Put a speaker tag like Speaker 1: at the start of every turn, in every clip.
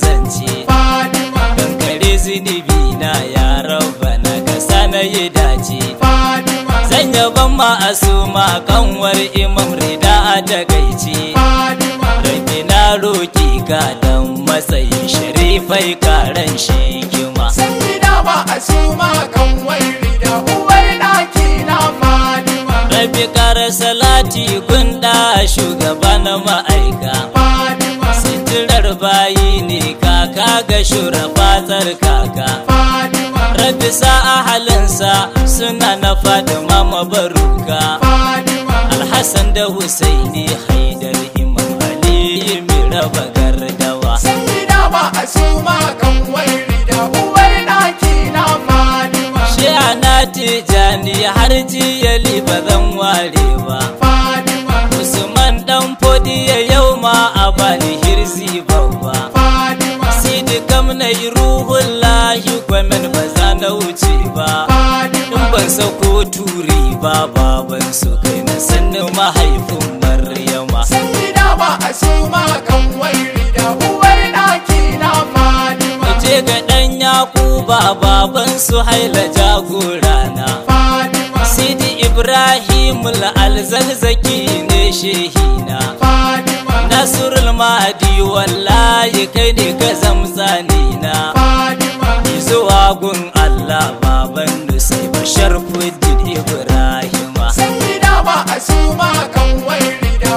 Speaker 1: zance Fatima Kankare zunubi na ya na kasa na yi dace Fadima Zan yaban ma ma kanwar imam rida a takaice Fadima Rabbi na roki ga dan matsayin sharifai karan shikima Sai
Speaker 2: da ma kanwar rida
Speaker 1: uwar ɗaki na Fadima Rabi kara salati gunda shugaba na ma'a ga shura fatar kaka rabi sa ahalinsa suna na fatima mabaruka alhassan da husaini haidar imam ali mira raba gardawa
Speaker 2: a suma kan na shi ana
Speaker 1: tijani har jiyali ba zan ware ba usman dan fodiya yau ma a bani hirzi babba idi kam na yi ruhun lahi kwamen ba za na wuce ba in ban sauko turi ba baban su kai na sannu mahaifin maryama sai
Speaker 2: da ba a su ma kan wairi da uwar daki na fadima je
Speaker 1: ga dan yakuba baban su haila jagorana sidi ibrahim la alzalzaki ne shehina madi wallahi kai ne ka ni na zuwa gun Allah baban Nusi Bashar Ibrahim. Ibrahima sai da ba
Speaker 2: a ma kan wairi da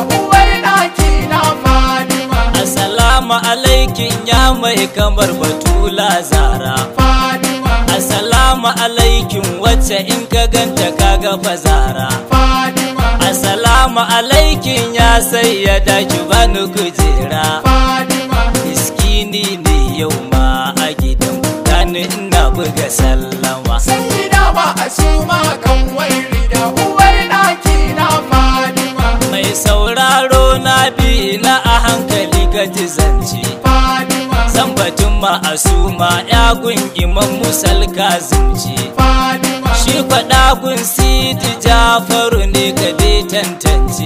Speaker 2: na ki na Fatima
Speaker 1: Assalamu alaikum ya mai kamar Batula Zara Fatima Assalamu alaikum wacce in ka ganta kaga fazara Fatima Salamu alaikin ya sayyada ki bani kujera. Miskini ne yau ma a gidan mutane ina buga sallama. Sai ba a
Speaker 2: suma kan wairi da uwar ɗaki na Fatima. Mai sauraro
Speaker 1: na bi na a hankali gaji zance. Zan batun ma a suma ya gun imam musal Fatima. Shi faɗa kun siti jafaru ne ka tantance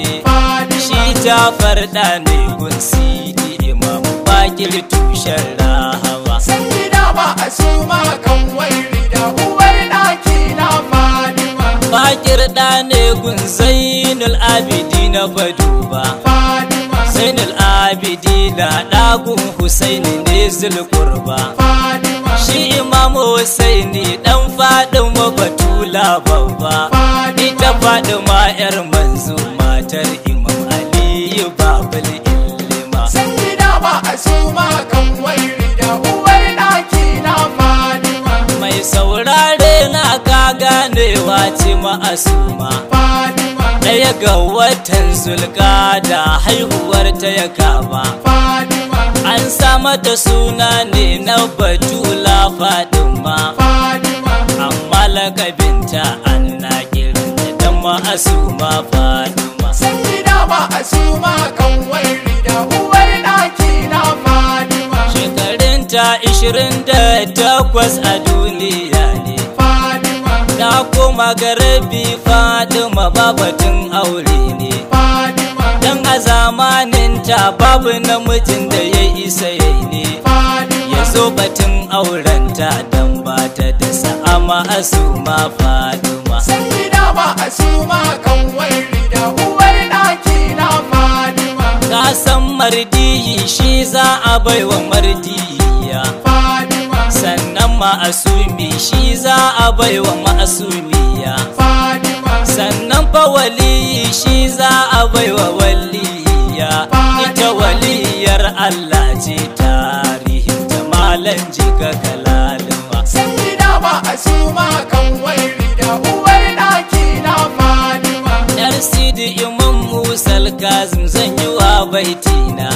Speaker 1: shi ta farda ne gun sidi imam bakil tushen sai
Speaker 2: da ba a ma kan wairi da uwar ki na
Speaker 1: fadima bakir da ne gun zainul abidi na baduba fadima zainul abidi na dagun husaini ne zulkurba fadima shi imam husaini dan fadin mabatula babba ita fadima yar yanzu matar imam aliyu babal illima sai gida
Speaker 2: ba a suma kan wairi da uwar ɗaki na malima.
Speaker 1: mai saurare na ka ganewa ce ma'asuma
Speaker 2: fadima ɗaya
Speaker 1: ga watan zulka da haihuwar ta ya kama fadima an sa mata suna ne na batula fadima fadima amma lakabinta an ma asuma faduma
Speaker 2: sayyida ma asuma kan wari da uwar ki na faduma shekarun
Speaker 1: ta 28 a duniya ne faduma Na koma garabi faduma babatun aure ne faduma dan a zamanin ta babu namijin da ya isa yai ne ya zo batun aurenta don ba ta da sa'ama asuma faduma
Speaker 2: suma kan wani da uwar ɗaki na
Speaker 1: fadima ka mardiyi shi za a baiwa mardiya fadima sannan ma'asumi shi za a baiwa ma'asumiya fadima sannan fa waliyi shi za a baiwa
Speaker 2: waliya
Speaker 1: ita waliyar Allah ce tarihin ta malan jika kazim zan yi wa baitina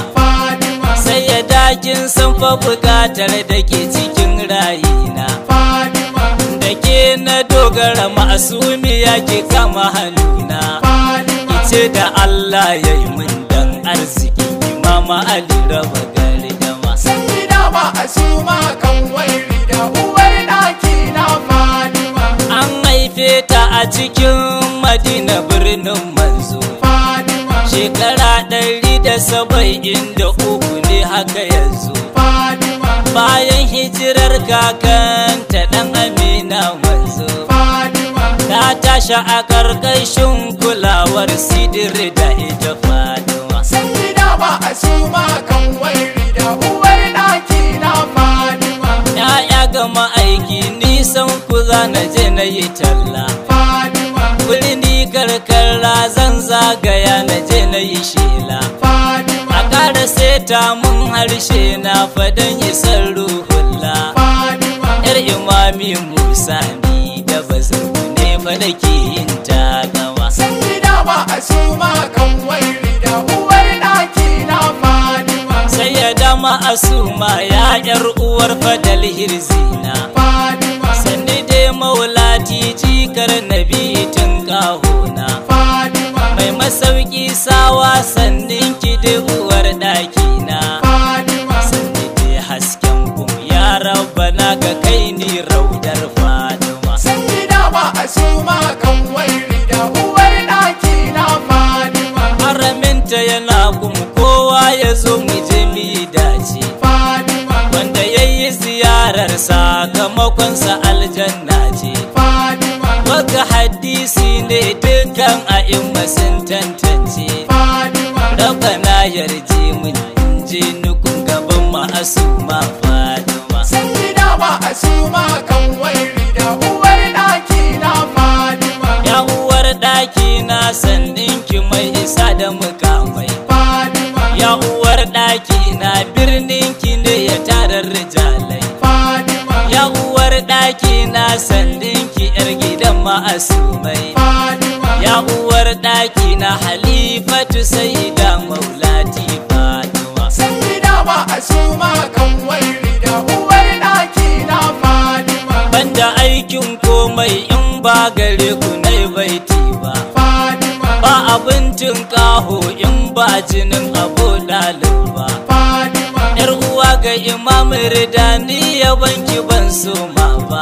Speaker 1: sai ya dakin san fa bukatar da ke cikin rayina da ke na dogara masu ya ke kama hannuna ice da Allah ya yi min dan arziki mama Ali raba gari da masu.
Speaker 2: Sai a kan wairi da uwar ɗaki na Fadima. An haife
Speaker 1: ta a cikin Madina birnin Manzo. shekara ɗari da saba'in da uku ne haka yanzu bayan hijirar kakanta ɗan amina wanzu. ta tashi a ƙarƙashin kulawar sidiri da ita fatima
Speaker 2: da kan wairi da Uwai na
Speaker 1: na ya ma aiki nisan kuza na je na yi talla karkara zan zagaya na je na yi shela a ƙara seta mun harshe na fadan isar ruhulla yar imami musa ni da bazar ne fa da ke yin takama sun yi dama
Speaker 2: a su kan wairi da uwar ɗaki na fadima sai
Speaker 1: ya dama a su ma ya yar uwar fadal hirzi uwar ɗaki na sannite hasken kum ya rabbana ga kai ni raudar Fatima.
Speaker 2: sai da ba a suma kan wairi da uwar ɗaki na fadima haraminta
Speaker 1: yana kum kowa ya zo mu je mu yi dace wanda ya yi ziyarar sakamakonsa aljanna ce waka hadisi ne a a'imma masin tantance yarje mun je nukun gaban ma asuma
Speaker 2: sai sayyida ma ma kan wairi da uwar na fatima ya uwar
Speaker 1: ɗaki na sandin ki mai isa da
Speaker 2: mukamai
Speaker 1: fatima ya uwar na birnin ki ne ya tarar rijalai fatima ya uwar ɗaki na sandin ki yar gidan ma mai. fatima ya uwar na halifatu sai cikin komai in ba gare ku bai baiti ba ba abincin kaho in ba jinin abu dalib ba yar uwa ga imam ridani ya banki ban so ma ba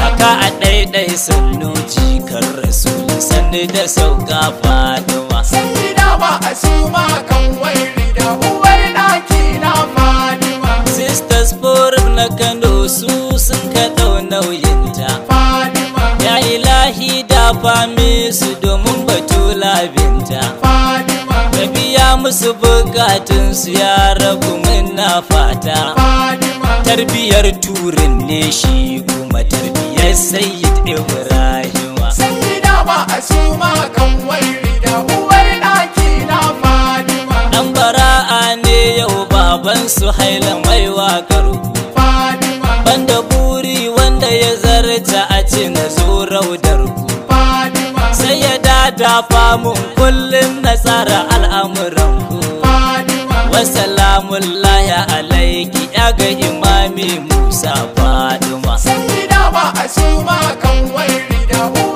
Speaker 1: haka a ɗaiɗai sannu jikar rasul sannu da sauka faduma sai da ba
Speaker 2: a su kan wai
Speaker 1: musu bukatunsu ya rabu muna fata tarbiyar turin ne shi kuma tarbiyar sayyid ibrahima sayyida
Speaker 2: ba a suma kan wairi da uwar ɗaki na fadima dan
Speaker 1: bara'a ne yau baban su haila mai wakar fadima banda buri wanda ya zarta a ce na zo raudar tafa famu kullum nasara al'amuranku wasalamun laya alaiki ya ga imami musa faduma sai
Speaker 2: da ba a su ma kan wani da